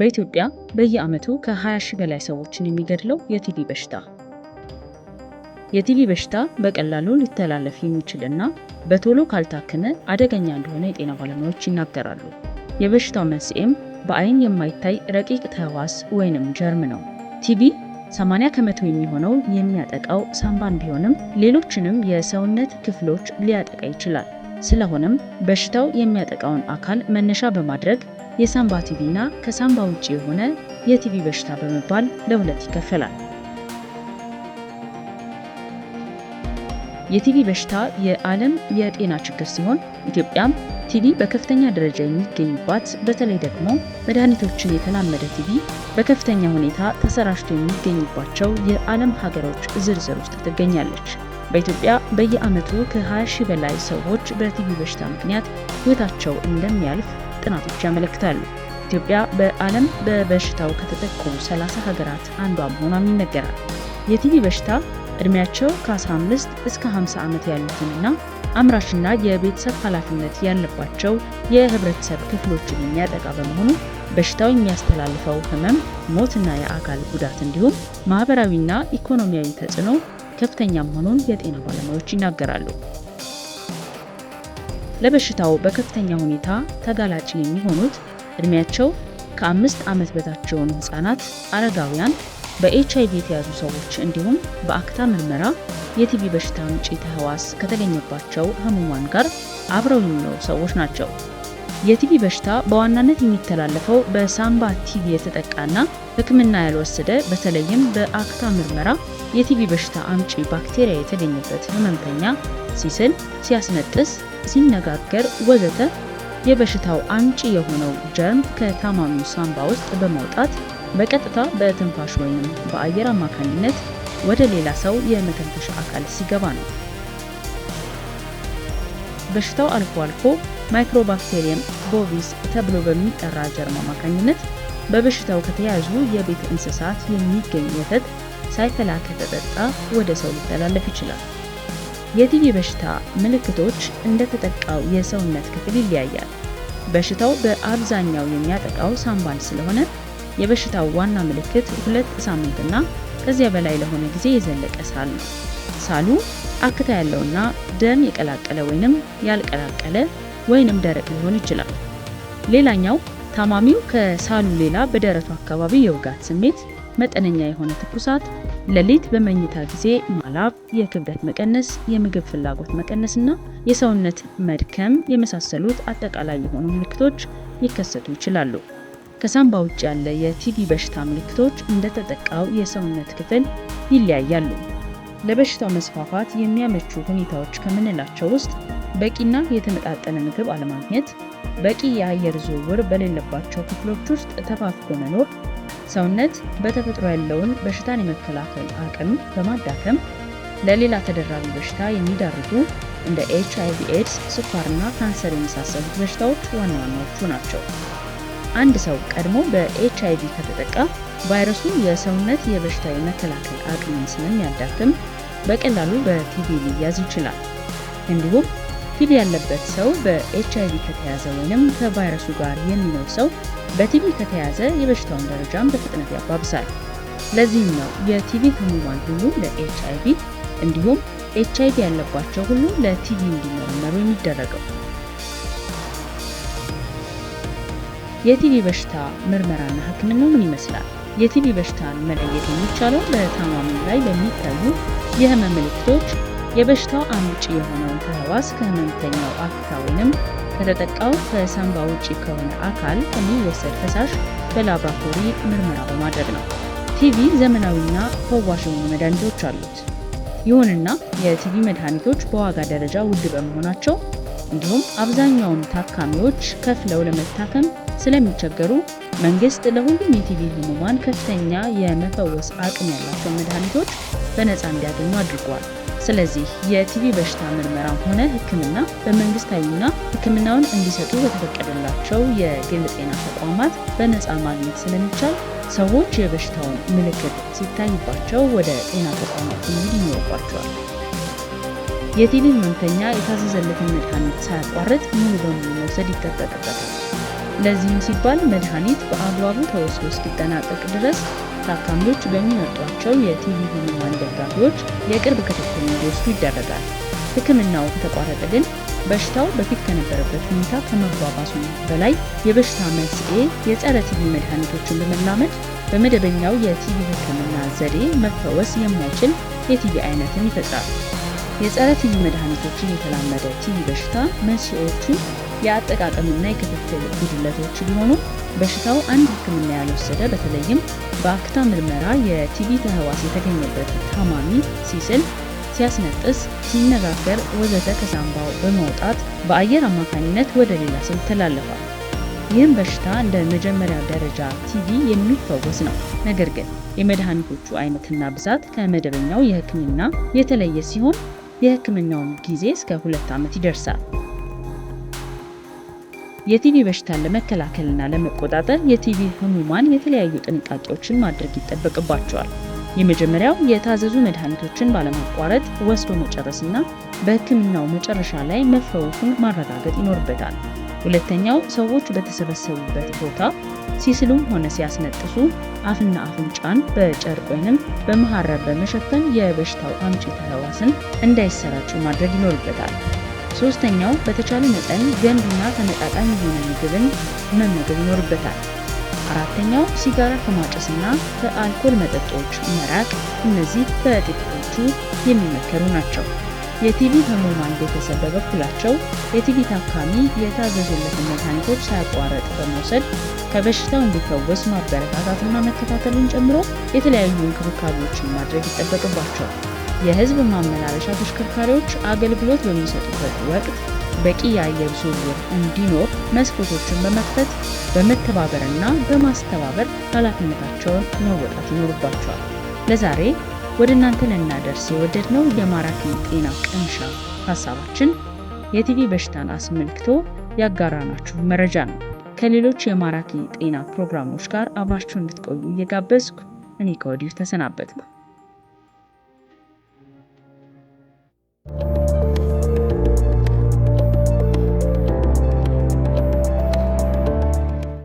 በኢትዮጵያ በየዓመቱ ከ20 ሺህ በላይ ሰዎችን የሚገድለው የቲቪ በሽታ። የቲቪ በሽታ በቀላሉ ሊተላለፍ የሚችልና በቶሎ ካልታከመ አደገኛ እንደሆነ የጤና ባለሙያዎች ይናገራሉ። የበሽታው መንስኤም በአይን የማይታይ ረቂቅ ተህዋስ ወይንም ጀርም ነው። ቲቪ 80 ከመቶ የሚሆነው የሚያጠቃው ሳምባን ቢሆንም ሌሎችንም የሰውነት ክፍሎች ሊያጠቃ ይችላል። ስለሆነም በሽታው የሚያጠቃውን አካል መነሻ በማድረግ የሳንባ ቲቪ እና ከሳንባ ውጭ የሆነ የቲቪ በሽታ በመባል ለሁለት ይከፈላል። የቲቪ በሽታ የዓለም የጤና ችግር ሲሆን ኢትዮጵያም ቲቪ በከፍተኛ ደረጃ የሚገኝባት በተለይ ደግሞ መድኃኒቶችን የተላመደ ቲቪ በከፍተኛ ሁኔታ ተሰራጭቶ የሚገኝባቸው የዓለም ሀገሮች ዝርዝር ውስጥ ትገኛለች። በኢትዮጵያ በየዓመቱ ከ20 ሺህ በላይ ሰዎች በቲቪ በሽታ ምክንያት ሕይወታቸው እንደሚያልፍ ጥናቶች ያመለክታሉ። ኢትዮጵያ በዓለም በበሽታው ከተጠቁ 30 ሀገራት አንዷ መሆኗም ይነገራል። የቲቪ በሽታ እድሜያቸው ከ15 እስከ 50 ዓመት ያሉትንና አምራችና የቤተሰብ ኃላፊነት ያለባቸው የህብረተሰብ ክፍሎችን የሚያጠቃ በመሆኑ በሽታው የሚያስተላልፈው ህመም፣ ሞትና የአካል ጉዳት እንዲሁም ማህበራዊና ኢኮኖሚያዊ ተጽዕኖ ከፍተኛ መሆኑን የጤና ባለሙያዎች ይናገራሉ። ለበሽታው በከፍተኛ ሁኔታ ተጋላጭ የሚሆኑት እድሜያቸው ከአምስት ዓመት በታች የሆኑ ህጻናት፣ አረጋውያን፣ በኤች አይቪ የተያዙ ሰዎች እንዲሁም በአክታ ምርመራ የቲቪ በሽታ ምጪ ተህዋስ ከተገኘባቸው ህሙማን ጋር አብረው የሚኖሩ ሰዎች ናቸው። የቲቪ በሽታ በዋናነት የሚተላለፈው በሳምባ ቲቪ የተጠቃና ሕክምና ያልወሰደ በተለይም በአክታ ምርመራ የቲቪ በሽታ አምጪ ባክቴሪያ የተገኘበት ህመምተኛ ሲስል፣ ሲያስነጥስ፣ ሲነጋገር፣ ወዘተ የበሽታው አምጪ የሆነው ጀርም ከታማሚው ሳምባ ውስጥ በመውጣት በቀጥታ በትንፋሽ ወይም በአየር አማካኝነት ወደ ሌላ ሰው የመተንፈሻ አካል ሲገባ ነው። በሽታው አልፎ አልፎ ማይክሮባክቴሪየም ቦቪስ ተብሎ በሚጠራ ጀርም አማካኝነት በበሽታው ከተያዙ የቤት እንስሳት የሚገኝ ወተት ሳይፈላ ከተጠጣ ወደ ሰው ሊተላለፍ ይችላል። የቲቪ በሽታ ምልክቶች እንደተጠቃው የሰውነት ክፍል ይለያያል። በሽታው በአብዛኛው የሚያጠቃው ሳምባን ስለሆነ የበሽታው ዋና ምልክት ሁለት ሳምንትና ከዚያ በላይ ለሆነ ጊዜ የዘለቀ ሳል ነው። ሳሉ አክታ ያለውና ደም የቀላቀለ ወይንም ያልቀላቀለ ወይንም ደረቅ ሊሆን ይችላል። ሌላኛው ታማሚው ከሳሉ ሌላ በደረቱ አካባቢ የውጋት ስሜት፣ መጠነኛ የሆነ ትኩሳት፣ ሌሊት በመኝታ ጊዜ ማላብ፣ የክብደት መቀነስ፣ የምግብ ፍላጎት መቀነስና የሰውነት መድከም የመሳሰሉት አጠቃላይ የሆኑ ምልክቶች ሊከሰቱ ይችላሉ። ከሳምባ ውጭ ያለ የቲቢ በሽታ ምልክቶች እንደተጠቃው የሰውነት ክፍል ይለያያሉ። ለበሽታው መስፋፋት የሚያመቹ ሁኔታዎች ከምንላቸው ውስጥ በቂና የተመጣጠነ ምግብ አለማግኘት፣ በቂ የአየር ዝውውር በሌለባቸው ክፍሎች ውስጥ ተፋፍጎ መኖር፣ ሰውነት በተፈጥሮ ያለውን በሽታን የመከላከል አቅም በማዳከም ለሌላ ተደራቢ በሽታ የሚዳርጉ እንደ ኤች አይ ቪ ኤድስ፣ ስኳርና ካንሰር የመሳሰሉት በሽታዎች ዋና ዋናዎቹ ናቸው። አንድ ሰው ቀድሞ በኤች አይ ቪ ከተጠቃ ቫይረሱ የሰውነት የበሽታ የመከላከል አቅምን ስለሚያዳክም በቀላሉ በቲቪ ሊያዝ ይችላል። እንዲሁም ቲቪ ያለበት ሰው በኤች አይቪ ከተያዘ ወይም ከቫይረሱ ጋር የሚኖር ሰው በቲቪ ከተያዘ የበሽታውን ደረጃም በፍጥነት ያባብሳል። ለዚህም ነው የቲቪ ህሙማን ሁሉ ለኤች አይቪ እንዲሁም ኤች አይቪ ያለባቸው ሁሉ ለቲቪ እንዲመረመሩ የሚደረገው። የቲቪ በሽታ ምርመራና ህክምናው ምን ይመስላል? የቲቪ በሽታን መለየት የሚቻለው በታማሚ ላይ በሚታዩ የህመም ምልክቶች የበሽታው አምጪ የሆነውን ተህዋስ ከህመምተኛው አፍታ ወይንም ከተጠቃው ከሳንባ ውጪ ከሆነ አካል ከሚወሰድ ፈሳሽ በላብራቶሪ ምርመራ በማድረግ ነው። ቲቪ ዘመናዊና ፈዋሽ የሆኑ መድኃኒቶች አሉት። ይሁንና የቲቪ መድኃኒቶች በዋጋ ደረጃ ውድ በመሆናቸው እንዲሁም አብዛኛውን ታካሚዎች ከፍለው ለመታከም ስለሚቸገሩ መንግስት ለሁሉም የቲቪ ህሙማን ከፍተኛ የመፈወስ አቅም ያላቸው መድኃኒቶች በነፃ እንዲያገኙ አድርጓል። ስለዚህ የቲቢ በሽታ ምርመራም ሆነ ህክምና በመንግስታዊና ህክምናውን እንዲሰጡ በተፈቀደላቸው የግል ጤና ተቋማት በነፃ ማግኘት ስለሚቻል ሰዎች የበሽታውን ምልክት ሲታይባቸው ወደ ጤና ተቋማት መሄድ ይኖርባቸዋል። የቲቢ ህመምተኛ የታዘዘለትን መድኃኒት ሳያቋርጥ ሙሉ በሙሉ መውሰድ ይጠበቅበታል። ለዚህም ሲባል መድኃኒት በአግባቡ ተወስዶ እስኪጠናቀቅ ድረስ ታካሚዎች በሚመርጧቸው የቲቪ ህሙማን ደጋፊዎች የቅርብ ክትትል እንዲወስዱ ይደረጋል። ህክምናው ከተቋረጠ ግን በሽታው በፊት ከነበረበት ሁኔታ ከመባባሱ በላይ የበሽታ መንስኤ የጸረ ቲቪ መድኃኒቶችን በመላመድ በመደበኛው የቲቪ ህክምና ዘዴ መፈወስ የማይችል የቲቪ አይነትን ይፈጥራል። የጸረ ቲቪ መድኃኒቶችን የተላመደ ቲቪ በሽታ መንስኤዎቹ የአጠቃቀምና የክትትል ጉድለቶች ቢሆኑም በሽታው አንድ ሕክምና ያልወሰደ በተለይም በአክታ ምርመራ የቲቪ ተህዋስ የተገኘበት ታማሚ ሲስል፣ ሲያስነጥስ፣ ሲነጋገር ወዘተ ከሳምባው በመውጣት በአየር አማካኝነት ወደ ሌላ ሰው ይተላለፋል። ይህም በሽታ እንደ መጀመሪያ ደረጃ ቲቪ የሚፈወስ ነው። ነገር ግን የመድኃኒቶቹ አይነትና ብዛት ከመደበኛው የህክምና የተለየ ሲሆን የህክምናውን ጊዜ እስከ ሁለት ዓመት ይደርሳል። የቲቪ በሽታን ለመከላከልና ለመቆጣጠር የቲቪ ህሙማን የተለያዩ ጥንቃቄዎችን ማድረግ ይጠበቅባቸዋል። የመጀመሪያው የታዘዙ መድኃኒቶችን ባለማቋረጥ ወስዶ መጨረስና በህክምናው መጨረሻ ላይ መፈወሱን ማረጋገጥ ይኖርበታል። ሁለተኛው ሰዎች በተሰበሰቡበት ቦታ ሲስሉም ሆነ ሲያስነጥሱ አፍና አፍንጫን በጨርቅ ወይም በመሐረብ በመሸፈን የበሽታው አምጪ ተህዋስን እንዳይሰራጩ ማድረግ ይኖርበታል። ሶስተኛው በተቻለ መጠን ገንቢና ተመጣጣኝ የሆነ ምግብን መመገብ ይኖርበታል። አራተኛው ሲጋራ ከማጨስና ከአልኮል መጠጦች መራቅ። እነዚህ በጥቂቶቹ የሚመከሩ ናቸው። የቲቪ ህሙማን ቤተሰብ በበኩላቸው የቲቪ ታካሚ የታዘዙለትን መድኃኒቶች ሳያቋረጥ በመውሰድ ከበሽታው እንዲፈወስ ማበረታታትና መከታተሉን ጨምሮ የተለያዩ እንክብካቤዎችን ማድረግ ይጠበቅባቸዋል። የህዝብ ማመላለሻ ተሽከርካሪዎች አገልግሎት በሚሰጡበት ወቅት በቂ የአየር ዝውውር እንዲኖር መስኮቶችን በመክፈት በመተባበርና በማስተባበር ኃላፊነታቸውን መወጣት ይኖርባቸዋል። ለዛሬ ወደ እናንተ ልናደርስ የወደድነው የማራኪ ጤና ቅምሻ ሀሳባችን የቲቪ በሽታን አስመልክቶ ያጋራናችሁ መረጃ ነው። ከሌሎች የማራኪ ጤና ፕሮግራሞች ጋር አብራችሁ እንድትቆዩ እየጋበዝኩ እኔ ከወዲሁ ተሰናበትኩ።